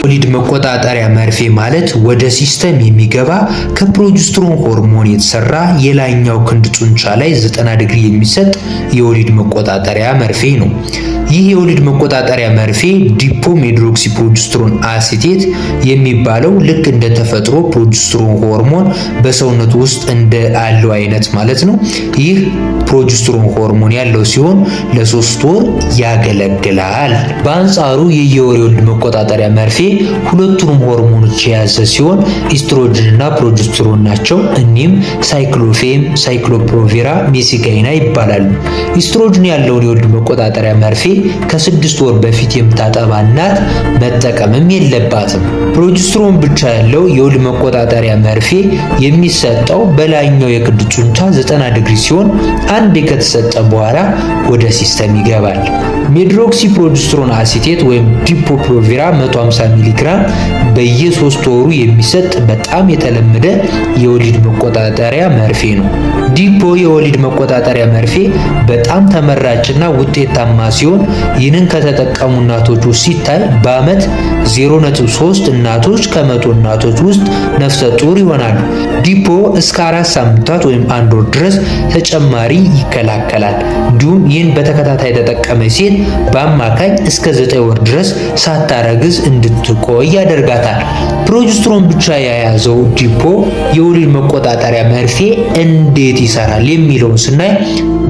የወሊድ መቆጣጠሪያ መርፌ ማለት ወደ ሲስተም የሚገባ ከፕሮጀስትሮን ሆርሞን የተሰራ የላይኛው ክንድ ጡንቻ ላይ 90 ዲግሪ የሚሰጥ የወሊድ መቆጣጠሪያ መርፌ ነው። ይህ የወሊድ መቆጣጠሪያ መርፌ ዲፖ ሜድሮክሲ ፕሮጅስትሮን አሲቴት የሚባለው ልክ እንደ ተፈጥሮ ፕሮጅስትሮን ሆርሞን በሰውነት ውስጥ እንደ አለው አይነት ማለት ነው። ይህ ፕሮጅስትሮን ሆርሞን ያለው ሲሆን ለሶስት ወር ያገለግላል። በአንጻሩ የየወር የወሊድ መቆጣጠሪያ መርፌ ሁለቱንም ሆርሞኖች የያዘ ሲሆን ኢስትሮጅንና ፕሮጅስትሮን ናቸው። እኒህም ሳይክሎፌም፣ ሳይክሎፕሮቬራ፣ ሜሲጋይና ይባላሉ። ኢስትሮጅን ያለውን የወሊድ መቆጣጠሪያ መርፌ ከስድስት ወር በፊት የምታጠባ እናት መጠቀምም የለባትም። ፕሮጅስትሮን ብቻ ያለው የወሊድ መቆጣጠሪያ መርፌ የሚሰጠው በላይኛው የክንድ ጡንቻ 90 ዲግሪ ሲሆን አንዴ ከተሰጠ በኋላ ወደ ሲስተም ይገባል። ሜድሮክሲ ፕሮጀስትሮን አሲቴት ወይም ዲፖፕሮቪራ 150 ሚሊግራም በየሶስት ወሩ የሚሰጥ በጣም የተለመደ የወሊድ መቆጣጠሪያ መርፌ ነው። ዲፖ የወሊድ መቆጣጠሪያ መርፌ በጣም ተመራጭና ውጤታማ ሲሆን ይህንን ከተጠቀሙ እናቶች ውስጥ ሲታይ በአመት 0.3 እናቶች ከመቶ እናቶች ውስጥ ነፍሰ ጡር ይሆናሉ። ዲፖ እስከ አራት ሳምንታት ወይም አንድ ወር ድረስ ተጨማሪ ይከላከላል። እንዲሁም ይህን በተከታታይ ተጠቀመ ሴት በአማካኝ እስከ 9 ወር ድረስ ሳታረግዝ እንድትቆይ ያደርጋታል። ፕሮጀስትሮን ብቻ የያዘው ዲፖ የወሊድ መቆጣጠሪያ መርፌ እንዴት ይሰራል የሚለውን ስናይ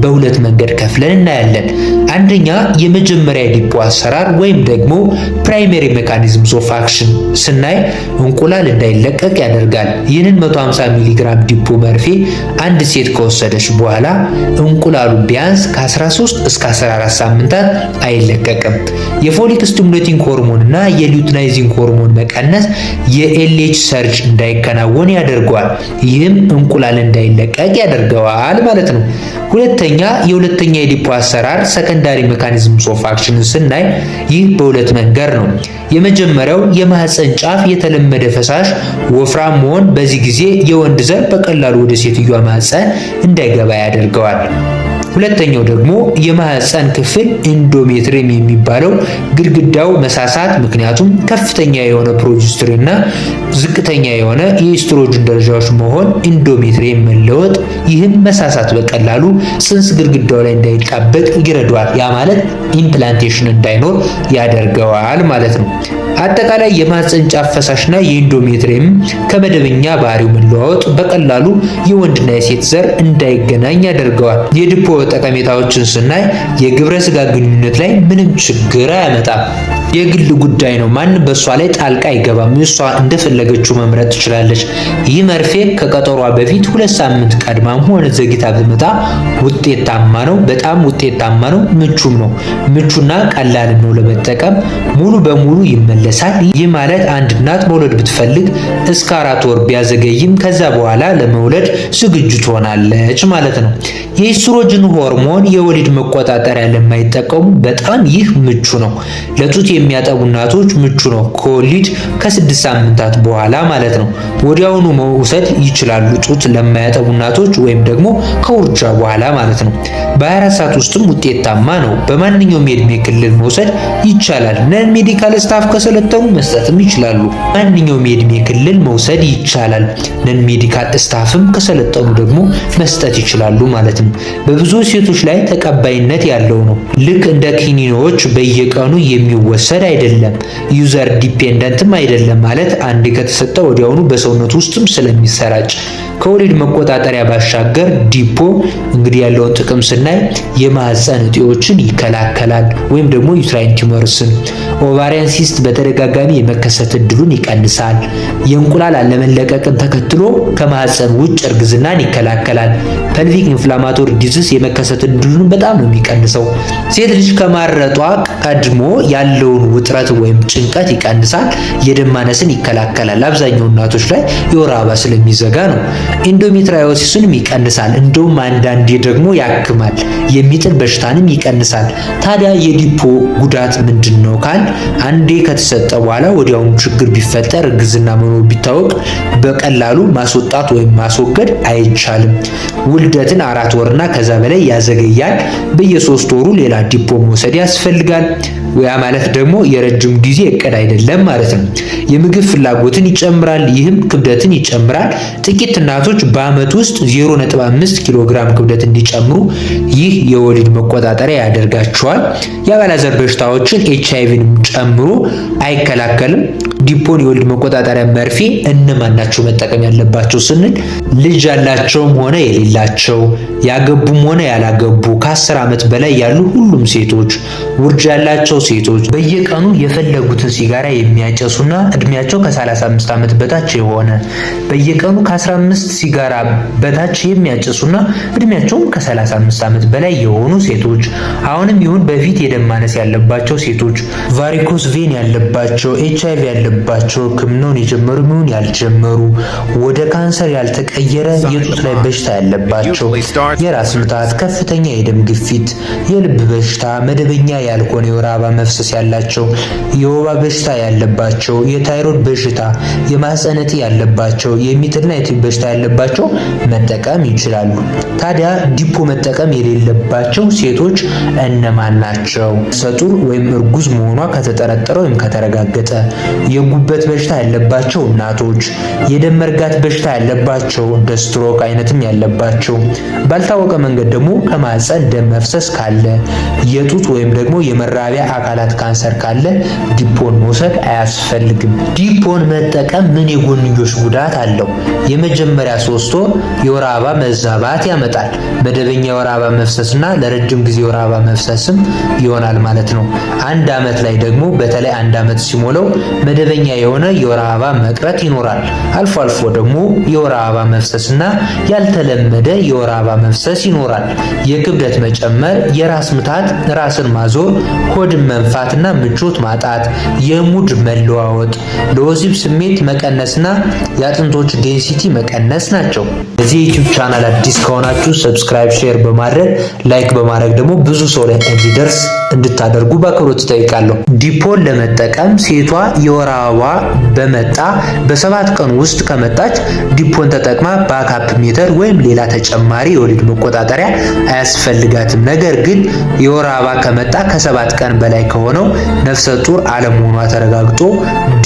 በሁለት መንገድ ከፍለን እናያለን። አንደኛ የመጀመሪያ ዲፖ አሰራር ወይም ደግሞ ፕራይመሪ ሜካኒዝምስ ኦፍ አክሽን ስናይ እንቁላል እንዳይለቀቅ ያደርጋል። ይህንን 150 ሚሊግራም ዲፖ መርፌ አንድ ሴት ከወሰደች በኋላ እንቁላሉ ቢያንስ ከ13 እስከ 14 ሳምንታት አይለቀቅም። የፎሊክ ስቲሙሌቲንግ ሆርሞን እና የሉትናይዚንግ ሆርሞን መቀነስ የኤልኤች ሰርጅ እንዳይከናወን ያደርገዋል። ይህም እንቁላል እንዳይለቀቅ ያደርገዋል ማለት ነው። ሁለተኛ የሁለተኛ የዲፖ አሰራር ሰከንዳሪ ሜካኒዝም ኦፍ አክሽን ስናይ ይህ በሁለት መንገድ ነው። የመጀመሪያው የማህፀን ጫፍ የተለመደ ፈሳሽ ወፍራም መሆን፣ በዚህ ጊዜ የወንድ ዘር በቀላሉ ወደ ሴትዮዋ ማህፀን እንዳይገባ ያደርገዋል። ሁለተኛው ደግሞ የማህፀን ክፍል ኢንዶሜትሪየም የሚባለው ግድግዳው መሳሳት፣ ምክንያቱም ከፍተኛ የሆነ ፕሮጀስትሮን እና ዝቅተኛ የሆነ የኢስትሮጅን ደረጃዎች መሆን ኢንዶሜትሪየም መለወጥ፣ ይህም መሳሳት በቀላሉ ጽንስ ግድግዳው ላይ እንዳይጣበቅ ይረዷል። ያ ማለት ኢምፕላንቴሽን እንዳይኖር ያደርገዋል ማለት ነው። አጠቃላይ የማህፀን ጫፍ ፈሳሽና የኢንዶሜትሪየም ከመደበኛ ባህሪው መለዋወጥ በቀላሉ የወንድና የሴት ዘር እንዳይገናኝ ያደርገዋል። የድፖ ጠቀሜታዎችን ስናይ የግብረ ስጋ ግንኙነት ላይ ምንም ችግር አያመጣም። የግል ጉዳይ ነው። ማንም በእሷ ላይ ጣልቃ አይገባም። እሷ እንደፈለገችው መምረጥ ትችላለች። ይህ መርፌ ከቀጠሯ በፊት ሁለት ሳምንት ቀድማም ሆነ ዘግይታ ብትመጣ ውጤታማ ነው። በጣም ውጤታማ ነው። ምቹም ነው። ምቹና ቀላል ነው ለመጠቀም። ሙሉ በሙሉ ይመለሳል። ይህ ማለት አንድ እናት መውለድ ብትፈልግ እስከ አራት ወር ቢያዘገይም ከዛ በኋላ ለመውለድ ዝግጁ ትሆናለች ማለት ነው። የኢስትሮጅን ሆርሞን የወሊድ መቆጣጠሪያ ለማይጠቀሙ በጣም ይህ ምቹ ነው። ለጡት የሚያጠቡ እናቶች ምቹ ነው። ከወሊድ ከስድስት ሳምንታት በኋላ ማለት ነው። ወዲያውኑ መውሰድ ይችላሉ። ጡት ለማያጠቡ እናቶች ወይም ደግሞ ከውርጃ በኋላ ማለት ነው። በ24 ሰዓት ውስጥም ውጤታማ ነው። በማንኛውም የእድሜ ክልል መውሰድ ይቻላል። ነን ሜዲካል ስታፍ ከሰለጠኑ መስጠትም ይችላሉ። ማንኛውም የእድሜ ክልል መውሰድ ይቻላል። ነን ሜዲካል ስታፍም ከሰለጠኑ ደግሞ መስጠት ይችላሉ ማለት ነው። በብዙ ሴቶች ላይ ተቀባይነት ያለው ነው። ልክ እንደ ኪኒኖች በየቀኑ የሚወሰድ መውሰድ አይደለም፣ ዩዘር ዲፔንደንትም አይደለም ማለት አንዴ ከተሰጠ ወዲያውኑ በሰውነት ውስጥም ስለሚሰራጭ ከወሊድ መቆጣጠሪያ ባሻገር ዲፖ እንግዲህ ያለውን ጥቅም ስናይ የማህፀን እጢዎችን ይከላከላል ወይም ደግሞ ዩትራይን ቲሞርስን። ኦቫሪያን ሲስት በተደጋጋሚ የመከሰት እድሉን ይቀንሳል። የእንቁላል አለመለቀቅን ተከትሎ ከማህፀን ውጭ እርግዝናን ይከላከላል። ፐልቪክ ኢንፍላማቶሪ ዲዝስ የመከሰት እድሉን በጣም ነው የሚቀንሰው። ሴት ልጅ ከማረጧ ቀድሞ ያለውን ውጥረት ወይም ጭንቀት ይቀንሳል፣ የደም ማነስን ይከላከላል። አብዛኛው እናቶች ላይ የወር አበባ ስለሚዘጋ ነው። ኢንዶሜትሪዮሲስንም ይቀንሳል፣ እንደውም አንዳንዴ ደግሞ ያክማል። የሚጥል በሽታንም ይቀንሳል። ታዲያ የዲፖ ጉዳት ምንድን ነው ካል አንዴ ከተሰጠ በኋላ ወዲያውኑ ችግር ቢፈጠር እርግዝና መኖር ቢታወቅ በቀላሉ ማስወጣት ወይም ማስወገድ አይቻልም። ውልደትን አራት ወርና ከዛ በላይ ያዘገያል። በየሶስት ወሩ ሌላ ዲፖ መውሰድ ያስፈልጋል። ያ ማለት ደግሞ ደግሞ የረጅም ጊዜ እቅድ አይደለም ማለት ነው። የምግብ ፍላጎትን ይጨምራል። ይህም ክብደትን ይጨምራል። ጥቂት እናቶች በአመት ውስጥ 0.5 ኪሎ ግራም ክብደት እንዲጨምሩ ይህ የወሊድ መቆጣጠሪያ ያደርጋቸዋል። የአባላዘር በሽታዎችን ኤች አይቪንም ጨምሮ አይከላከልም። ዲፖን የወልድ መቆጣጠሪያ መርፌ እነማን ናቸው መጠቀም ያለባቸው ስንል ልጅ ያላቸውም ሆነ የሌላቸው፣ ያገቡም ሆነ ያላገቡ፣ ከአስር ዓመት በላይ ያሉ ሁሉም ሴቶች፣ ውርጅ ያላቸው ሴቶች፣ በየቀኑ የፈለጉትን ሲጋራ የሚያጨሱና እድሜያቸው ከ35 ዓመት በታች የሆነ በየቀኑ ከ15 ሲጋራ በታች የሚያጨሱና እድሜያቸውም ከ35 ዓመት በላይ የሆኑ ሴቶች፣ አሁንም ይሁን በፊት የደም ማነስ ያለባቸው ሴቶች፣ ቫሪኮስ ቬን ያለባቸው፣ ኤች አይቪ ያለባቸው ሕክምናውን የጀመሩ ይሁን ያልጀመሩ ወደ ካንሰር ያልተቀየረ የጡት ላይ በሽታ ያለባቸው፣ የራስ ምታት፣ ከፍተኛ የደም ግፊት፣ የልብ በሽታ፣ መደበኛ ያልሆነ የወር አበባ መፍሰስ ያላቸው፣ የወባ በሽታ ያለባቸው፣ የታይሮይድ በሽታ፣ የማህፀን ያለባቸው፣ የሚጥልና የቲቢ በሽታ ያለባቸው መጠቀም ይችላሉ። ታዲያ ዲፖ መጠቀም የሌለባቸው ሴቶች እነማን ናቸው? ሰጡር ወይም እርጉዝ መሆኗ ከተጠረጠረ ወይም ከተረጋገጠ የጉበት በሽታ ያለባቸው እናቶች፣ የደም መርጋት በሽታ ያለባቸው፣ እንደ ስትሮክ አይነትም ያለባቸው፣ ባልታወቀ መንገድ ደግሞ ከማህፀን ደም መፍሰስ ካለ፣ የጡት ወይም ደግሞ የመራቢያ አካላት ካንሰር ካለ ዲፖን መውሰድ አያስፈልግም። ዲፖን መጠቀም ምን የጎንዮሽ ጉዳት አለው? የመጀመሪያ ሶስት ወር የወር አበባ መዛባት ያመጣል። መደበኛ የወር አበባ መፍሰስና ለረጅም ጊዜ የወር አበባ መፍሰስም ይሆናል ማለት ነው። አንድ አመት ላይ ደግሞ በተለይ አንድ አመት ሲሞለው መደበኛ የሆነ የወር አበባ መቅረት ይኖራል። አልፎ አልፎ ደግሞ የወር አበባ መፍሰስና ያልተለመደ የወር አበባ መፍሰስ ይኖራል። የክብደት መጨመር፣ የራስ ምታት፣ ራስን ማዞር፣ ሆድን መንፋትና ምቾት ማጣት፣ የሙድ መለዋወጥ፣ ለወሲብ ስሜት መቀነስና የአጥንቶች ዴንሲቲ መቀነስ ናቸው። በዚህ ዩቲዩብ ቻናል አዲስ ከሆናችሁ ሰብስክራይብ፣ ሼር በማድረግ ላይክ በማድረግ ደግሞ ብዙ ሰው ላይ እንዲደርስ እንድታደርጉ በአክብሮት እጠይቃለሁ። ዲፖን ለመጠቀም ሴቷ የወራ አበባ በመጣ በሰባት ቀን ውስጥ ከመጣች ዲፖን ተጠቅማ ባካፕ ሜተር ወይም ሌላ ተጨማሪ የወሊድ መቆጣጠሪያ አያስፈልጋትም። ነገር ግን የወር አበባ ከመጣ ከሰባት ቀን በላይ ከሆነው ነፍሰ ጡር አለመሆኗ ተረጋግጦ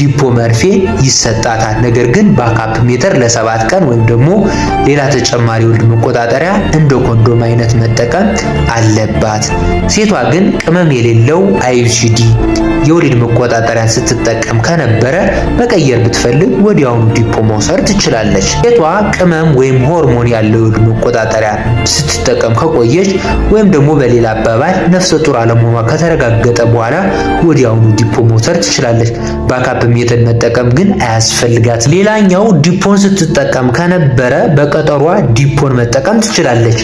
ዲፖ መርፌ ይሰጣታል። ነገር ግን ባካፕ ሜተር ለሰባት ቀን ወይም ደግሞ ሌላ ተጨማሪ የወሊድ መቆጣጠሪያ እንደ ኮንዶም አይነት መጠቀም አለባት። ሴቷ ግን ቅመም የሌለው አይዩሲዲ የወሊድ መቆጣጠሪያ ስትጠቀም ከነበረ መቀየር ብትፈልግ ወዲያውኑ ዲፖ መውሰድ ትችላለች። ሴቷ ቅመም ወይም ሆርሞን ያለው የወሊድ መቆጣጠሪያ ስትጠቀም ከቆየች ወይም ደግሞ በሌላ አባባል ነፍሰ ጡር አለመሆኗ ከተረጋገጠ በኋላ ወዲያውኑ ዲፖ መውሰድ ትችላለች። ባካፕ ሜተድ መጠቀም ግን አያስፈልጋት። ሌላኛው ዲፖን ስትጠቀም ከነበረ በቀጠሯ ዲፖን መጠቀም ትችላለች።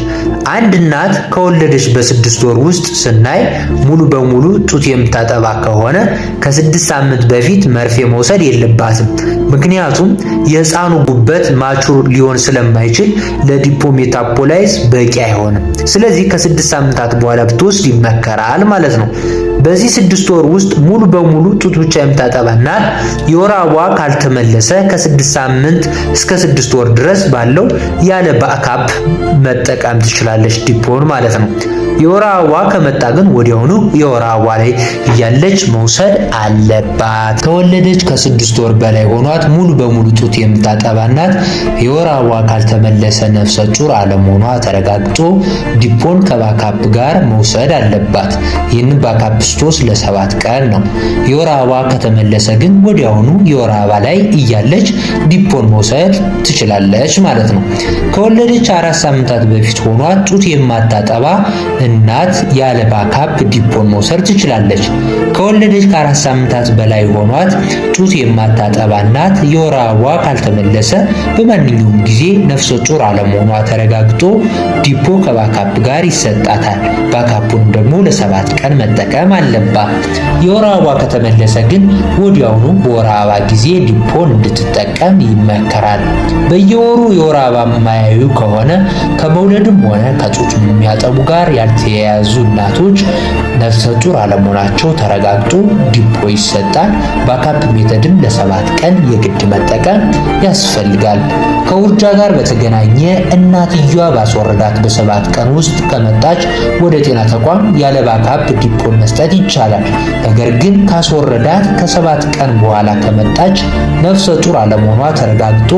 አንድ እናት ከወለደች በስድስት ወር ውስጥ ስናይ ሙሉ በሙሉ ጡት የምታጠባ ከሆነ ከሆነ ከስድስት ሳምንት በፊት መርፌ መውሰድ የለባትም። ምክንያቱም የሕፃኑ ጉበት ማቹር ሊሆን ስለማይችል ለዲፖሜታፖላይዝ በቂ አይሆንም። ስለዚህ ከስድስት ሳምንታት በኋላ ብትወስድ ይመከራል ማለት ነው። በዚህ ስድስት ወር ውስጥ ሙሉ በሙሉ ጡት ብቻ የምታጠባ እናት የወር አበባዋ ካልተመለሰ ከስድስት ሳምንት እስከ ስድስት ወር ድረስ ባለው ያለ ባካፕ መጠቀም ትችላለች ዲፖን ማለት ነው። የወር አበባ ከመጣ ግን ወዲያውኑ የወር አበባ ላይ እያለች መውሰድ አለባት። ከወለደች ከስድስት ወር በላይ ሆኗት ሙሉ በሙሉ ጡት የምታጠባ እናት የወር አበባ ካልተመለሰ ነፍሰ ጡር አለመሆኗ ተረጋግጦ ዲፖን ከባካፕ ጋር መውሰድ አለባት። ይህን ባካፕ ክርስቶስ ለሰባት ቀን ነው። የወር አበባ ከተመለሰ ግን ወዲያውኑ የወር አበባ ላይ እያለች ዲፖን መውሰድ ትችላለች ማለት ነው። ከወለደች አራት ሳምንታት በፊት ሆኗት ጡት የማታጠባ እናት ያለ ባካፕ ዲፖን መውሰድ ትችላለች። ከወለደች ከአራት ሳምንታት በላይ ሆኗት ጡት የማታጠባ እናት የወር አበባዋ ካልተመለሰ በማንኛውም ጊዜ ነፍሰ ጡር አለመሆኗ ተረጋግጦ ዲፖ ከባካፕ ጋር ይሰጣታል። ባካፑን ደግሞ ለሰባት ቀን መጠቀም አለባት። የወር አበባ ከተመለሰ ግን ወዲያውኑ በወር አበባ ጊዜ ዲፖን እንድትጠቀም ይመከራል። በየወሩ የወር አበባ የማያዩ ከሆነ ከመውለድም ሆነ ከጡት የሚያጠቡ ጋር ያልተያያዙ እናቶች ነፍሰ ጡር አለመሆናቸው ተረጋግጧል። ለተረጋጉ ዲፖ ይሰጣል። ባካፕ ሜተድም ለሰባት ቀን የግድ መጠቀም ያስፈልጋል። ከውርጃ ጋር በተገናኘ እናትየዋ ባስወረዳት በሰባት ቀን ውስጥ ከመጣች ወደ ጤና ተቋም ያለ ባካፕ ዲፖን መስጠት ይቻላል። ነገር ግን ካስወረዳት ከሰባት ቀን በኋላ ከመጣች ነፍሰ ጡር አለመሆኗ ተረጋግጦ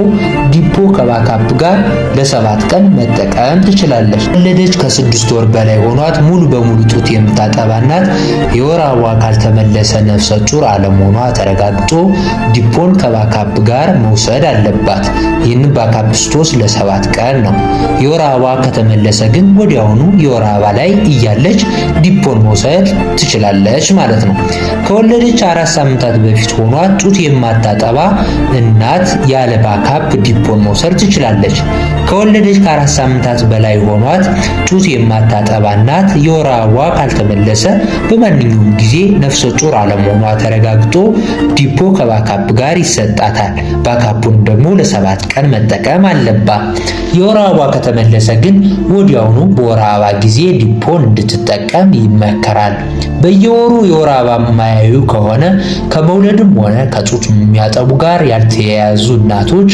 ዲፖ ከባካፕ ጋር ለሰባት ቀን መጠቀም ትችላለች። ወለደች ከስድስት ወር በላይ ሆኗት ሙሉ በሙሉ ጡት የምታጠባ እናት የወር አበባ ያልተመለሰ ነፍሰ ጡር አለመሆኗ ተረጋግጦ ዲፖን ከባካፕ ጋር መውሰድ አለባት። ይህን ባካፕ ስቶስ ለሰባት ቀን ነው። የወር አበባ ከተመለሰ ግን ወዲያውኑ የወር አበባ ላይ እያለች ዲፖን መውሰድ ትችላለች ማለት ነው። ከወለደች አራት ሳምንታት በፊት ሆኗ ጡት የማታጠባ እናት ያለ ባካፕ ዲፖን መውሰድ ትችላለች። ከወለደች ከአራት ሳምንታት በላይ ሆኗት ጡት የማታጠባ እናት የወር አበባ ካልተመለሰ በማንኛውም ጊዜ ነፍሰ ጡር አለመሆኗ ተረጋግጦ ዲፖ ከባካፕ ጋር ይሰጣታል። ባካፑን ደግሞ ለሰባት ቀን መጠቀም አለባ የወር አበባ ከተመለሰ ግን ወዲያውኑ በወር አበባ ጊዜ ዲፖን እንድትጠቀም ይመከራል። በየወሩ የወር አበባ የማያዩ ከሆነ ከመውለድም ሆነ ከጡት የሚያጠቡ ጋር ያልተያያዙ እናቶች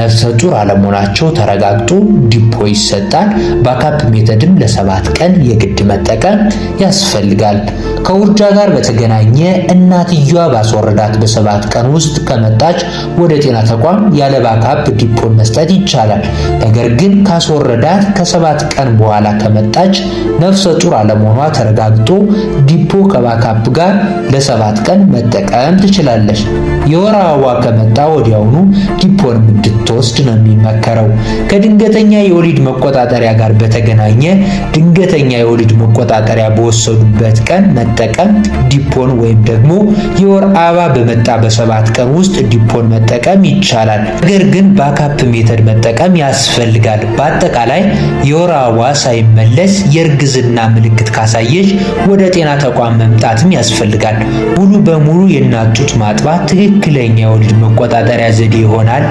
ነፍሰ ጡር አለመሆናቸው ተረጋግጦ ዲፖ ይሰጣል። ባካፕ ሜተድም ለሰባት ቀን የግድ መጠቀም ያስፈልጋል። ከውርጃ ጋር በተገናኘ እናትየዋ ባስወረዳት በሰባት ቀን ውስጥ ከመጣች ወደ ጤና ተቋም ያለ ባካፕ ዲፖን መስጠት ይቻላል። ነገር ግን ካስወረዳት ከሰባት ቀን በኋላ ከመጣች ነፍሰ ጡር አለመሆኗ ተረጋግጦ ዲፖ ከባካፕ ጋር ለሰባት ቀን መጠቀም ትችላለች። የወር አበባ ከመጣ ወዲያውኑ ዲፖን እንድትወስድ ነው የሚመከረው። ከድንገተኛ የወሊድ መቆጣጠሪያ ጋር በተገናኘ ድንገተኛ የወሊድ መቆጣጠሪያ በወሰዱበት ቀን መጠቀም ዲፖን ወይም ደግሞ የወር አበባ በመጣ በሰባት ቀን ውስጥ ዲፖን መጠቀም ይቻላል። ነገር ግን ባካፕ ሜተድ መጠቀም ያስፈልጋል። በአጠቃላይ የወር አበባ ሳይመለስ የእርግዝና ምልክት ካሳየች ወደ ጤና ተቋም መምጣትም ያስፈልጋል። ሙሉ በሙሉ የእናት ጡት ማጥባት ትክክለኛ የወልድ መቆጣጠሪያ ዘዴ ይሆናል።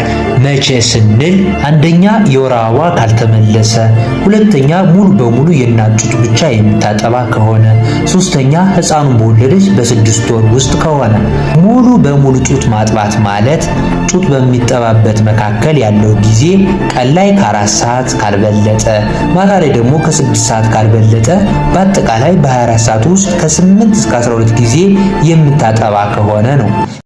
መቼ ስንል አንደኛ የወር አበባ ካልተመለሰ፣ ሁለተኛ ሙሉ በሙሉ የእናት ጡት ብቻ የምታጠባ ከሆነ፣ ሶስተኛ ህፃኑን በወለደ ልጅ በስድስት ወር ውስጥ ከሆነ ሙሉ በሙሉ ጡት ማጥባት ማለት ጡት በሚጠባበት መካከል ያለው ጊዜ ቀን ላይ ከአራት ሰዓት ካልበለጠ፣ ማታ ላይ ደግሞ ከስድስት ሰዓት ካልበለጠ በአጠቃላይ በ24 ሰዓት ውስጥ ከ8 እስከ 12 ጊዜ የምታጠባ ከሆነ ነው።